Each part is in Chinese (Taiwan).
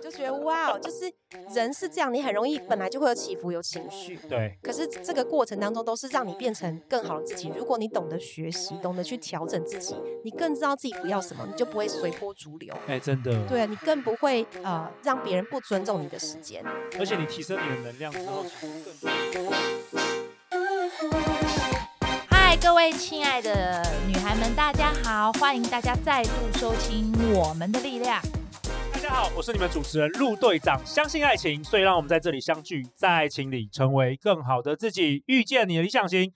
就覺得哇，就是人是這樣，你很容易本來就會有起伏，有情緒。對。可是這個過程當中都是讓你變成更好的自己。如果你懂得學習，懂得去調整自己，你更知道自己不要什麼，你就不會隨波逐流。誒、欸，真的。對啊，你更不會呃讓別人不尊重你的時間。而且你提升你的能量之後出更多，嗨， Hi, 各位親愛的女孩們，大家好，歡迎大家再度收聽我們的力量。好，Hello, 我是你們主持人路隊長。相信愛情，所以讓我們在這裡相聚，在愛情裡成為更好的自己，遇見你的理想型。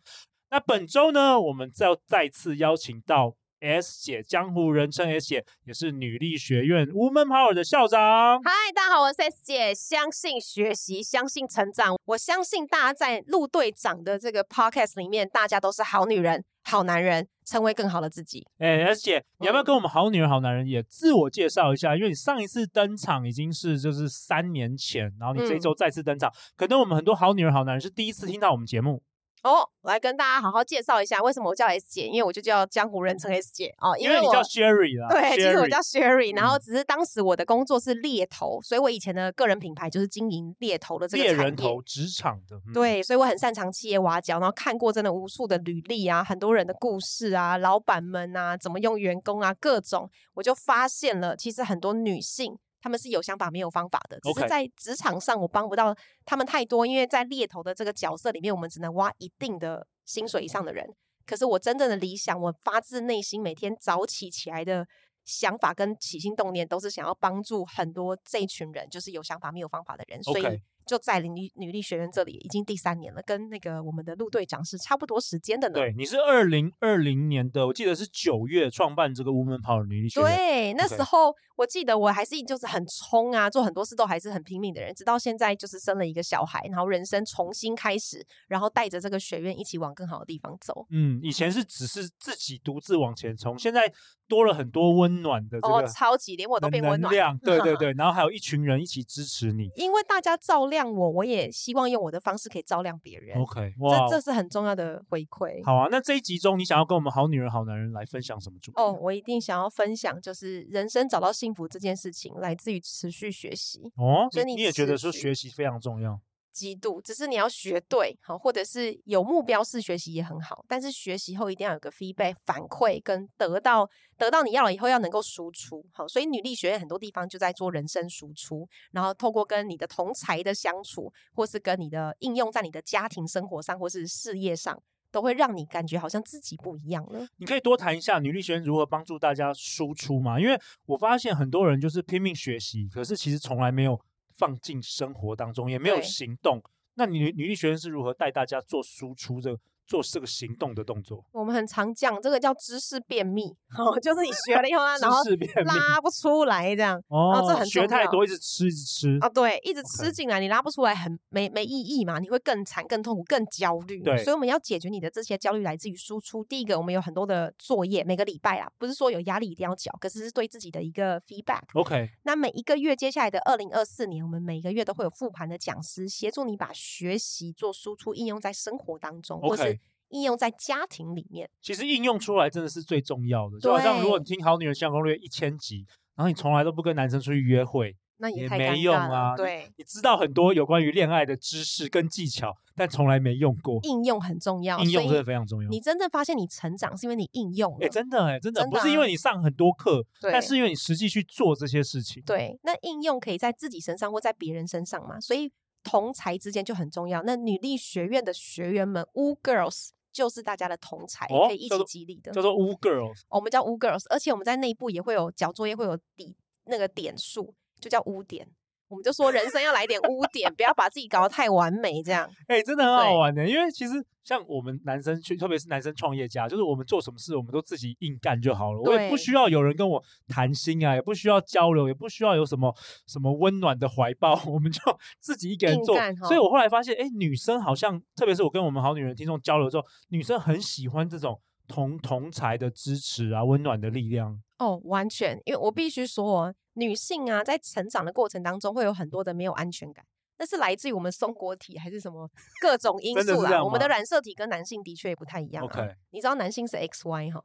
那本周呢，我們再再次邀請到 S 姐，江湖人稱 S 姐，也是女力學院 Woman Power 的校長。嗨，大家好，我是 S 姐。相信學習，相信成長。我相信大家在路隊長的這個 Podcast 裡面，大家都是好女人。好男人成為更好的自己。哎，S 姐，你要不要跟我們好女人、好男人也自我介紹一下？因為你上一次登場已經是就是三年前，然後你這一周再次登場，嗯、可能我們很多好女人、好男人是第一次聽到我們節目。哦，我來跟大家好好介紹一下為什麼我叫 S 姐，因為我就叫江湖人稱 S 姐哦，因為，因為你叫 Sherry 啦，對，Sherry，其實我叫 Sherry，然、嗯、然後只是當時我的工作是獵頭，所以我以前的個人品牌就是經營獵頭的這個獵人頭職場的，嗯、對，所以我很擅長企業挖角，然後看過真的無數的履歷啊，很多人的故事啊，老闆們啊，怎麼用員工啊，各種，我就發現了，其實很多女性。他們是有想法沒有方法的，只是在職場上我幫不到他們太多，Okay. 因為在獵頭的這個角色裡面，我們只能挖一定的薪水以上的人。可是我真正的理想，我發自內心每天早起起來的想法跟起心動念，都是想要幫助很多這一群人，就是有想法沒有方法的人。Okay. 所以就在女女力學院這裡已經第三年了，跟那個我們的路隊長是差不多時間的呢。對，你是二零二零年的，我記得是九月創辦這個 woman power 的女力學院，對，Okay. 那時候。我記得我還是就是很衝啊，做很多事都還是很拼命的人，直到現在就是生了一個小孩，然後人生重新開始，然後帶着這個學院一起往更好的地方走。嗯，以前是只是自己獨自往前衝，現在多了很多溫暖的這個、哦、超級連我都變溫暖，對對對，嗯、然後還有一群人一起支持你，因為大家照亮我，我也希望用我的方式可以照亮別人。OK，哇這這是很重要的回饋。好啊，那這一集中你想要跟我們好女人好男人來分享什麼主題？哦，我一定想要分享就是人生找到新。幸福這件事情來自於持續學習哦，所以你，你也覺得說學習非常重要，極度。只是你要學對或者是有目標式學習也很好。但是學習後一定要有個 feedback 反饋跟得到得到，你要了以後要能夠輸出好。所以女力學院很多地方就在做人生輸出，然後透過跟你的同儕的相處，或是跟你的應用在你的家庭生活上，或是事業上。都會讓你感覺好像自己不一樣了。你可以多談一下女力學院如何幫助大家輸出嗎？因為我發現很多人就是拼命學習，可是其實從來沒有放進生活當中，也沒有行動。對那女女力學院是如何帶大家做輸出的？做這個行動的動作，我們很常講這個叫知識便秘，哦，就是你學了以後啊， 便然後拉不出來這樣，哦，這很學太多，一直吃一直吃啊、哦，對，一直吃進來，Okay. 你拉不出來很，很沒沒意義嘛，你會更慘、更痛苦、更焦慮，對，所以我們要解決你的這些焦慮來自於輸出。第一個，我們有很多的作業，每個禮拜啊，不是說有壓力一定要繳，可是是對自己的一個 feedback。OK，那每一個月接下來的二零二四年，我們每個月都會有復盤的講師協助你把學習做輸出應用在生活當中或者 Okay. 是。應用在家庭裡面，其實應用出來真的是最重要的。對就好像如果你聽《好女人情場攻略》一千集，然後你從來都不跟男生出去約會，那也，也沒用啊。對，你知道很多有關於戀愛的知識跟技巧，但從來沒用過。應用很重要，應用真的非常重要。你真正發現你成長是因為你應用，哎、欸，真的哎、欸，真的，真的、啊、不是因為你上很多課，對但是因為你實際去做這些事情。對，那應用可以在自己身上或在別人身上嘛？所以同才之間就很重要。那女力學院的學員們，W girls。就是大家的同才、哦、可以一起激勵的叫，叫做烏 girls，、哦、我們叫烏 girls，而且我們在內部也會有交作業，會有底那個點數，就叫污點。 我們就說人生要來點污點，不要把自己搞得太完美，這樣。哎、欸，真的很好玩的、欸，對因為其實像我們男生去，特別是男生創業家，就是我們做什麼事我們都自己硬幹就好了，對我也不需要有人跟我談心啊，也不需要交流，也不需要有什麼什麼溫暖的懷抱，我們就自己一個人做。哦、所以我後來發現，哎、欸，女生好像，特別是我跟我們好女人聽眾交流之後，女生很喜歡這種同同儕的支持啊，溫暖的力量。哦，完全，因為我必須說、啊，女性啊，在成長的過程當中，會有很多的沒有安全感，那是來自於我們松果體還是什麼各種因素啦、啊？ 我們的染色體跟男性的確也不太一樣、啊。OK，你知道男性是 XY 哈，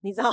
你知道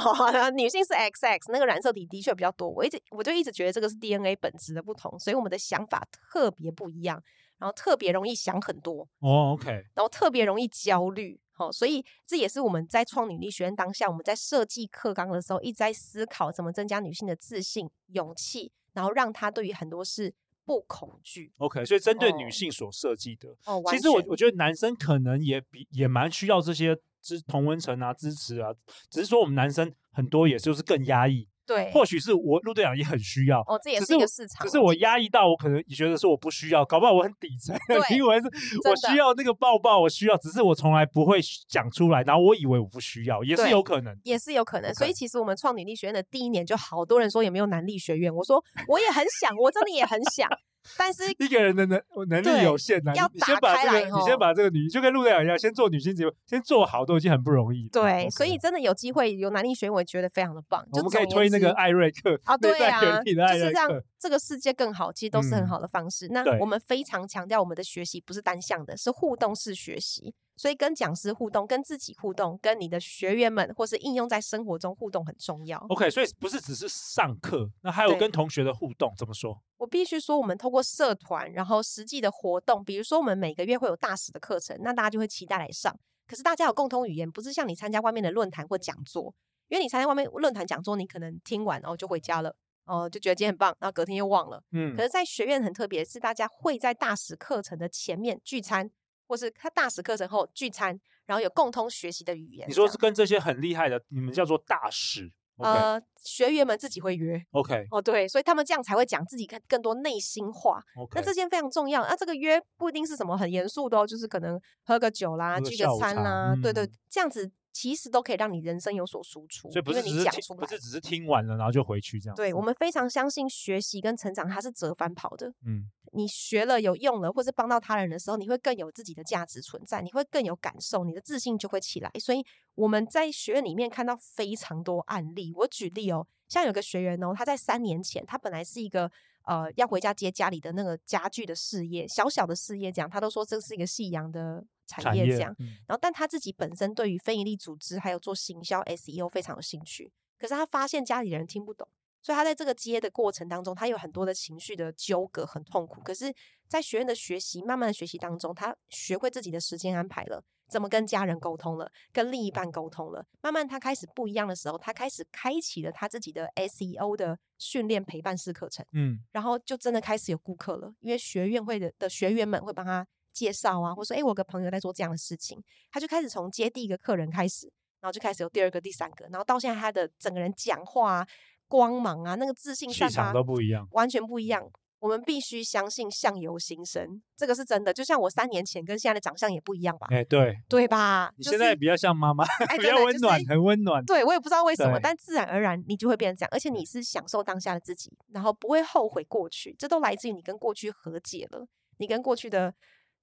女性是 XX，那個染色體的確比較多。我一直我就一直覺得這個是 DNA 本質的不同，所以我們的想法特別不一樣，然後特別容易想很多哦。Oh, OK，然後特別容易焦慮。哦，所以這也是我們在創女力學院當下，我們在設計課綱的時候一直在思考怎麼增加女性的自信、勇氣，然後讓她對於很多事不恐懼。OK，所以針對女性所設計的，哦哦、其實我我覺得男生可能也比也蠻需要這些知，同溫層啊、支持啊，只是說我們男生很多也是就是更壓抑。對，或許是我路隊長也很需要，哦，這也是一個市場。只是，只是我壓抑到，我可能也覺得是我不需要，搞不好我很底層，對因為是我需要那個抱抱，我需要，只是我從來不會講出來，然後我以為我不需要，也是有可能，也是有可能。可能所以其實我們創女力學院的第一年，就好多人說也沒有男力學院，我說我也很想， 我真的也很想。 但是一個人的能能力有限呢，要對先把這個你先把這個女就跟路隊長一樣，先做女性節目，先做好都已經很不容易了。對，okay 所以真的有機會有男力學院，我覺得非常的棒。我們可以推那個艾瑞克，艾瑞克啊，對啊，就是讓這個世界更好，其實都是很好的方式。嗯、那我們非常強調我們的學習不是單向的，是互動式學習。所以跟講師互動、跟自己互動、跟你的學員們或是應用在生活中互動很重要。OK，所以不是只是上課，那還有跟同學的互動對怎麼說？我必須說，我們透過社團，然後實際的活動，比如說我們每個月會有大使的課程，那大家就會期待來上。可是大家有共同語言，不是像你參加外面的論壇或講座，因為你參加外面論壇講座，你可能聽完然後就回家了，哦、呃，就覺得今天很棒，然後隔天又忘了。嗯，可是在學院很特別的是，是大家會在大使課程的前面聚餐。或是他大使課程後聚餐，然後有共同學習的語言。你說是跟這些很厲害的，你們叫做大使？Okay、呃，學員們自己會約。OK，哦，oh, 對，所以他們這樣才會講自己更更多內心話。Okay. 那這件非常重要。那、啊、這個約不一定是什麼很嚴肅的，哦，就是可能喝個酒啦，個聚個餐啦，嗯、對,對對，這樣子。其實都可以讓你人生有所輸出，所以不是只是你講出，不是只是聽完了然後就回去這樣。對、嗯、我們非常相信學習跟成長它是折返跑的。嗯，你學了有用了，或是幫到他人的時候，你會更有自己的價值存在，你會更有感受，你的自信就會起來。所以我們在學院裡面看到非常多案例，我舉例哦、喔，像有個學員哦、喔，他在三年前，他本來是一個。呃，要回家接家裡的那個家具的事業，小小的事業這樣，講，他都說這是一個夕陽的產業這樣，講。嗯，然後，但他自己本身對於非營利組織還有做行銷 SEO 非常有興趣。可是他發現家裡人聽不懂，所以他在這個接的過程當中，他有很多的情緒的糾葛，很痛苦。可是，在學院的學習，慢慢的學習當中，他學會自己的時間安排了。怎麼跟家人溝通了，跟另一半溝通了，慢慢他開始不一樣的時候，他開始開啟了他自己的 SEO 的訓練陪伴式課程，嗯，然後就真的開始有顧客了，因為學院會的的學員們會幫他介紹啊，或說哎、欸，我有個朋友在做這樣的事情，他就開始從接第一個客人開始，然後就開始有第二個、第三個，然後到現在他的整個人講話啊、光芒啊、那個自信、啊，氣場都不一樣，完全不一樣。我們必須相信相由心生，這個是真的。就像我三年前跟現在的長相也不一樣吧？哎、欸，對，對吧？你現在也比較像媽媽，哎、比較溫暖，比較溫 暖。就是、很溫暖。對，我也不知道為什麼，對但自然而然你就會變成這樣。而且你是享受當下的自己，然後不會後悔過去，這都來自於你跟過去和解了，你跟過去的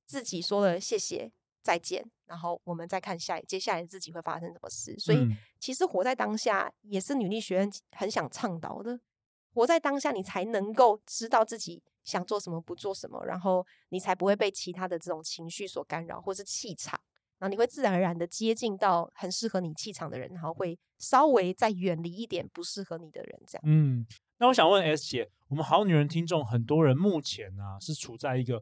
自己說了謝謝再見，然後我們再看下接下來自己會發生什麼事。所以，嗯、其實活在當下也是女力學院很想倡導的。活在當下，你才能夠知道自己想做什麼，不做什麼，然後你才不會被其他的這種情緒所干擾，或是氣場，然後你會自然而然的接近到很適合你氣場的人，然後會稍微再遠離一點不適合你的人，這樣。嗯，那我想問 S 姐，我們好女人聽眾很多人目前啊是處在一個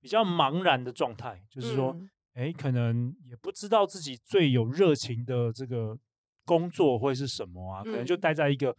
比較茫然的狀態，就是說，哎、嗯，可能也不知道自己最有熱情的這個工作會是什麼啊，可能就待在一個、嗯。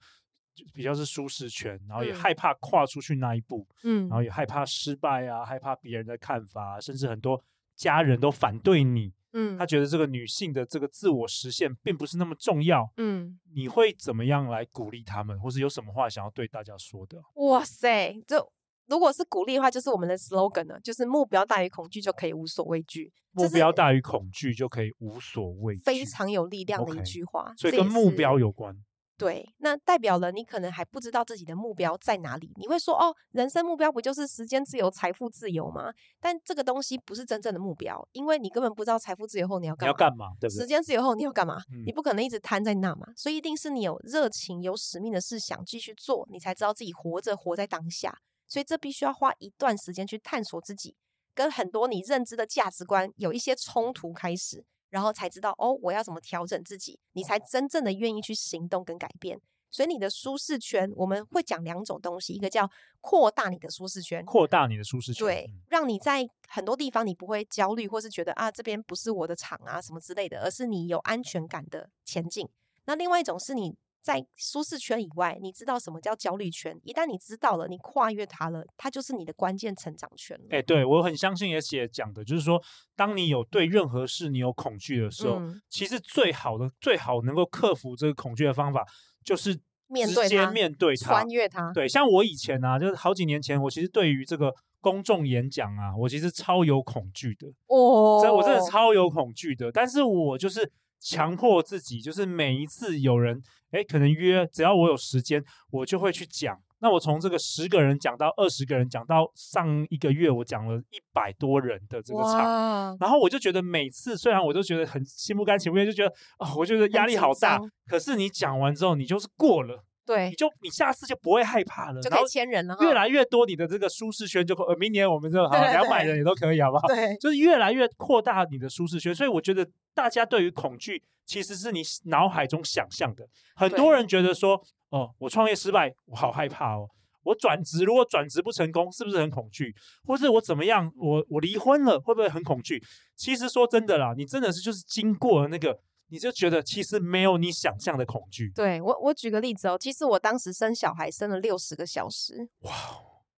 比較是舒適圈，然後也害怕跨出去那一步，嗯，嗯然後也害怕失敗啊，害怕別人的看法啊，甚至很多家人都反對你，嗯，他覺得這個女性的這個自我實現並不是那麼重要，嗯，你會怎麼樣來鼓勵他們，或是有什麼話想要對大家說的？哇塞，就如果是鼓勵的話，就是我們的 slogan 呢，就是目標大於恐懼就可以無所畏懼，目標大於恐懼就可以無所畏懼，非常有力量的一句話，Okay, 所以跟目標有關。對，那代表了你可能還不知道自己的目標在哪裡。你會說哦，人生目標不就是時間自由、財富自由嗎？但這個東西不是真正的目標，因為你根本不知道財富自由後你要幹嘛，你要幹嘛，對不對？時間自由後你要幹嘛？你不可能一直癱在那嘛。嗯、所以一定是你有熱情、有使命的事想繼續做，你才知道自己活着活在當下。所以這必須要花一段時間去探索自己，跟很多你認知的價值觀有一些衝突開始。然後才知道哦，我要怎麼調整自己，你才真正的願意去行動跟改變。所以你的舒適圈，我們會講兩種東西，一個叫擴大你的舒適圈，擴大你的舒適圈，對，讓你在很多地方你不會焦慮，或是覺得啊這邊不是我的場啊什麼之類的，而是你有安全感的前進。那另外一種是你。在舒適圈以外，你知道什麼叫焦慮圈？一旦你知道了，你跨越它了，它就是你的關鍵成長圈。誒、欸，對，我很相信 Ｓ 姊講的，就是說，當你有對任何事你有恐懼的時候，嗯、其實最好的、最好能夠克服這個恐懼的方法，就是直接面對、先面對它、穿越它。對，像我以前啊，就是好幾年前，我其實對於這個公眾演講啊，我其實超有恐懼的哦，所以我真的超有恐懼的。但是我就是。強迫自己，就是每一次有人，哎、欸，可能約，只要我有時間，我就會去講。那我從這個十個人講到二十個人，講到上一個月我講了一百多人的這個場，哇然後我就覺得每次，雖然我都覺得很心不甘情不願，就覺得啊、哦，我覺得壓力好大。可是你講完之後，你就是過了。對，你就你下次就不會害怕了，就後千人了，越來越多你的這個舒適圈就，呃、明年我們就好兩百人也都可以，好不好？對，就是越來越擴大你的舒適圈。所以我覺得大家對於恐懼其實是你腦海中想象的。很多人覺得說，對哦，我創業失敗，我好害怕哦；我轉職如果轉職不成功，是不是很恐懼？或是我怎麼樣？我我離婚了，會不會很恐懼？其實說真的啦，你真的是就是經過了那個。你就覺得其實沒有你想象的恐懼。對，我我舉個例子哦,其實我當時生小孩生了六十個小時。哇！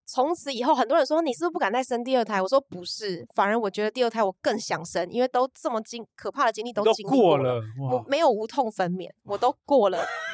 從此以後，很多人說，你是不是不敢再生第二胎？我說不是，反而我覺得第二胎我更想生，因為都這麼經可怕的經歷都經歷過了，都過了，我沒有無痛分娩，我都過了。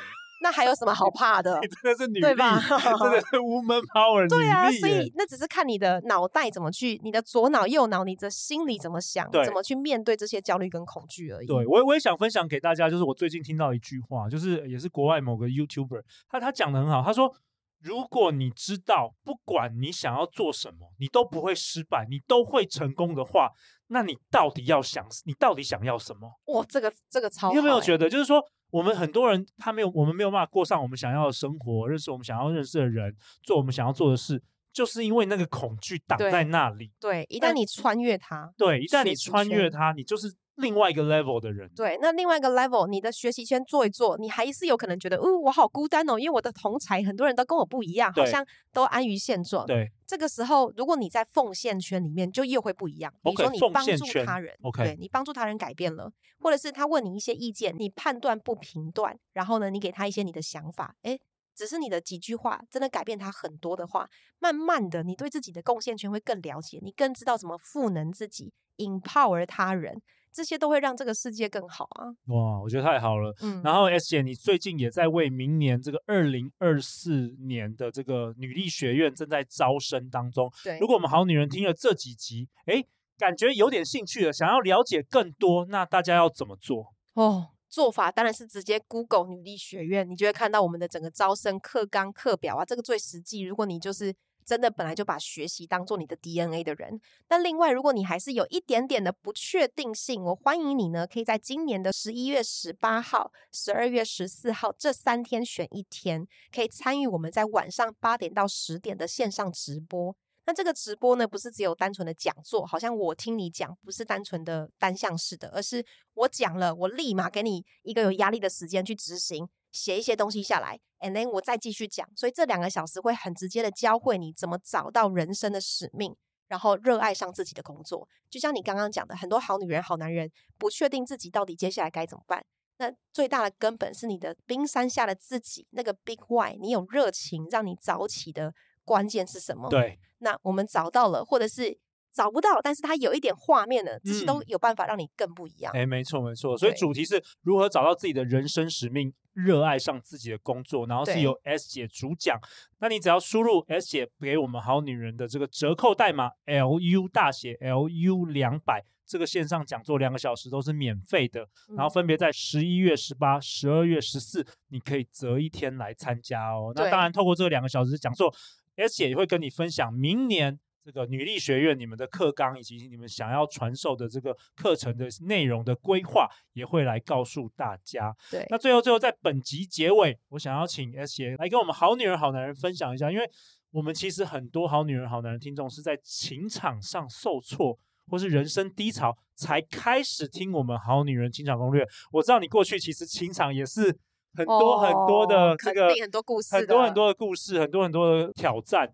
那還有什麼好怕的？ 你真的是女力，對吧？ 真的是 woman power， 對啊，所以那只是看你的腦袋怎麼去，你的左腦、右腦，你的心裡怎麼想，對怎麼去面對這些焦慮跟恐懼而已。對我，也我也想分享給大家，就是我最近聽到一句話，就是也是國外某個 YouTuber，他他講的很好，他說，如果你知道，不管你想要做什麼，你都不會失敗，你都會成功的話。那你到底要想，你到底想要什麼？哇，這個這個超、欸！你有沒有覺得，就是說，我們很多人他沒有，我們沒有辦法過上我們想要的生活，認識我們想要認識的人，做我們想要做的事，就是因為那個恐懼擋在那裡。對，對，一旦你穿越它，對，一旦你穿越它，你就是。另外一個 level 的人，對，那另外一個 level，你的學習圈做一做，你還是有可能覺得，哦、嗯，我好孤單哦，因為我的同儕很多人都跟我不一樣，對好像都安於現狀。對，這個時候，如果你在奉獻圈裡面，就又會不一樣。Okay, 比如說，你幫助他人，奉獻圈，對，你幫助他人改變了，okay 或者是他問你一些意見，你判斷不評斷，然後呢，你給他一些你的想法，誒，只是你的幾句話，真的改變他很多的話，慢慢的，你對自己的貢獻圈會更了解，你更知道怎麼賦能自己 Okay.，empower 他人。這些都會讓這個世界更好啊！哇，我覺得太好了。嗯，然後 S 姐，你最近也在為明年這個二零二四年的這個女力學院正在招生當中。對，如果我們好女人聽了這幾集，哎、欸，感覺有點興趣的，想要了解更多，那大家要怎麼做？哦，做法當然是直接 Google 女力學院，你就會看到我們的整個招生課綱課表啊，這個最實際。如果你就是。真的本來就把學習當做你的 DNA 的人，那另外如果你還是有一點點的不確定性，我歡迎你呢，可以在今年的十一月十八號、十二月十四號這三天選一天，可以參與我們在晚上八點到十點的線上直播。那這個直播呢，不是只有單純的講座，好像我聽你講不是單純的單向式的，而是我講了，我立馬給你一個有壓力的時間去執行。寫一些東西下來，and then 我再繼續講。所以這兩個小時會很直接的教會你怎麼找到人生的使命，然後熱愛上自己的工作。就像你剛剛講的，很多好女人、好男人不確定自己到底接下來該怎麼辦。那最大的根本是你的冰山下的自己，那個 big why，你有熱情讓你早起的關鍵是什麼？對。那我們找到了，或者是。找不到，但是它有一點畫面的，這些都有辦法讓你更不一樣。哎、嗯，沒錯沒錯，所以主題是如何找到自己的人生使命，熱愛上自己的工作。然後是由 S 姐主講，對那你只要輸入 S 姐給我們好女人的這個折扣代碼 L U 大寫 L U 兩百，200，這個線上講座兩個小時都是免費的。嗯、然後分別在十一月十八、十二月十四，你可以擇一天來參加哦。對那當然，透過這兩個小時講座，S 姐會跟你分享明年。這個女力學院，你們的課綱以及你們想要傳授的這個課程的內容的規劃，也會來告訴大家對。那最後最後在本集結尾，我想要請 S 姊來跟我們好女人好男人分享一下，因為我們其實很多好女人好男人聽眾是在情場上受挫，或是人生低潮才開始聽我們好女人情場攻略。我知道你過去其實情場也是很多很多的這個、哦、肯定很多故事，很多很多的故事，很多很多的挑戰。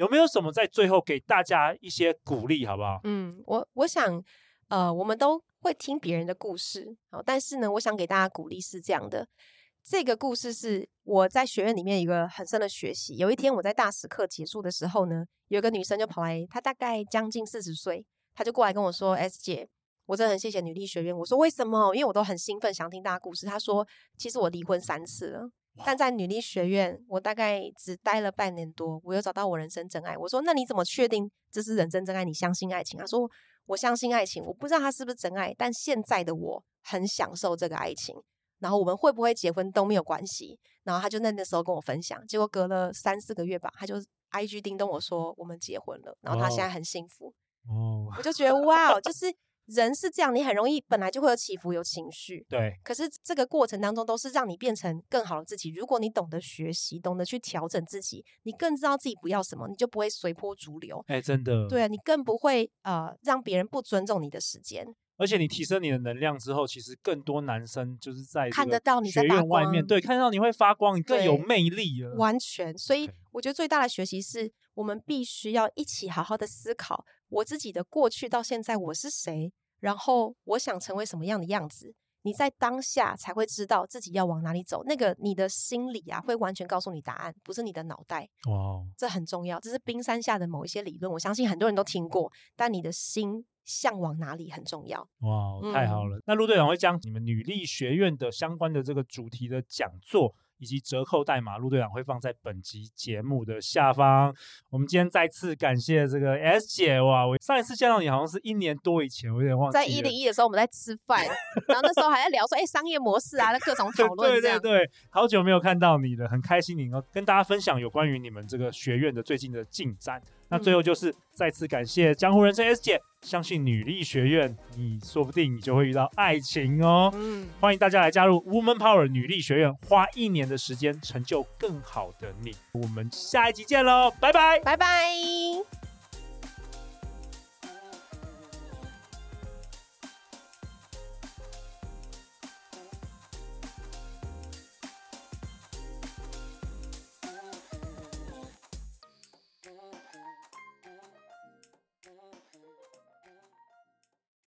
有沒有什麼在最後給大家一些鼓勵，好不好？嗯，我我想，呃，我們都會聽別人的故事，好，但是呢，我想給大家鼓勵是這樣的，這個故事是我在學院裡面一個很深的學習。有一天我在大師課結束的時候呢，有一個女生就跑來，她大概將近四十歲，她就過來跟我說：“S 姐，我真的很謝謝女力學院。”我說：“為什麼？”因為我都很興奮想聽大家的故事。她說：“其實我離婚三次了。”但在女力學院，我大概只待了半年多，我又找到我人生真愛。我說：“那你怎麼確定這是人生真愛？你相信愛情啊？”他說：“我相信愛情，我不知道他是不是真愛，但現在的我很享受這個愛情。然後我們會不會結婚都沒有關係。然後他就那那時候跟我分享，結果隔了三四個月吧，他就 IG 叮咚我說我們結婚了。然後他現在很幸福。哦，oh. oh. 我就覺得哇，wow, 就是。 人是這樣，你很容易本來就會有起伏，有情緒。對，可是這個過程當中都是讓你變成更好的自己。如果你懂得學習，懂得去調整自己，你更知道自己不要什麼，你就不會隨波逐流。哎、欸，真的。對啊，你更不會呃讓別人不尊重你的時間。而且你提升你的能量之後，其實更多男生就是在看得到你在學院外面，對，看到你會發光，你更有魅力了。完全。所以我覺得最大的學習是我們必須要一起好好的思考我自己的過去到現在我是誰。然後我想成為什麼樣的樣子？你在當下才會知道自己要往哪裡走。那個你的心裡啊，會完全告訴你答案，不是你的腦袋。哇，這很重要。這是冰山下的某一些理論，我相信很多人都聽過。但你的心向往哪裡很重要，嗯。哇，太好了。那路隊長會將你們女力學院的相關的這個主題的講座。以及折扣代碼，陸隊長會放在本集節目的下方。我們今天再次感謝這個 S 姐。哇，我上一次見到你好像是一年多以前，我有點忘記，在一零一的時候我們在吃飯， 然後那時候還在聊說哎、欸、商業模式啊，那各種討論這樣 對對對，好久沒有看到你了，很開心你能跟大家分享有關於你們這個學院的最近的進展。那最後就是再次感謝江湖人稱 S 姐，相信女力學院，你說不定你就會遇到愛情哦。嗯，歡迎大家來加入 Woman Power 女力學院，花一年的時間成就更好的你。我們下一集見嘍，拜拜，拜拜。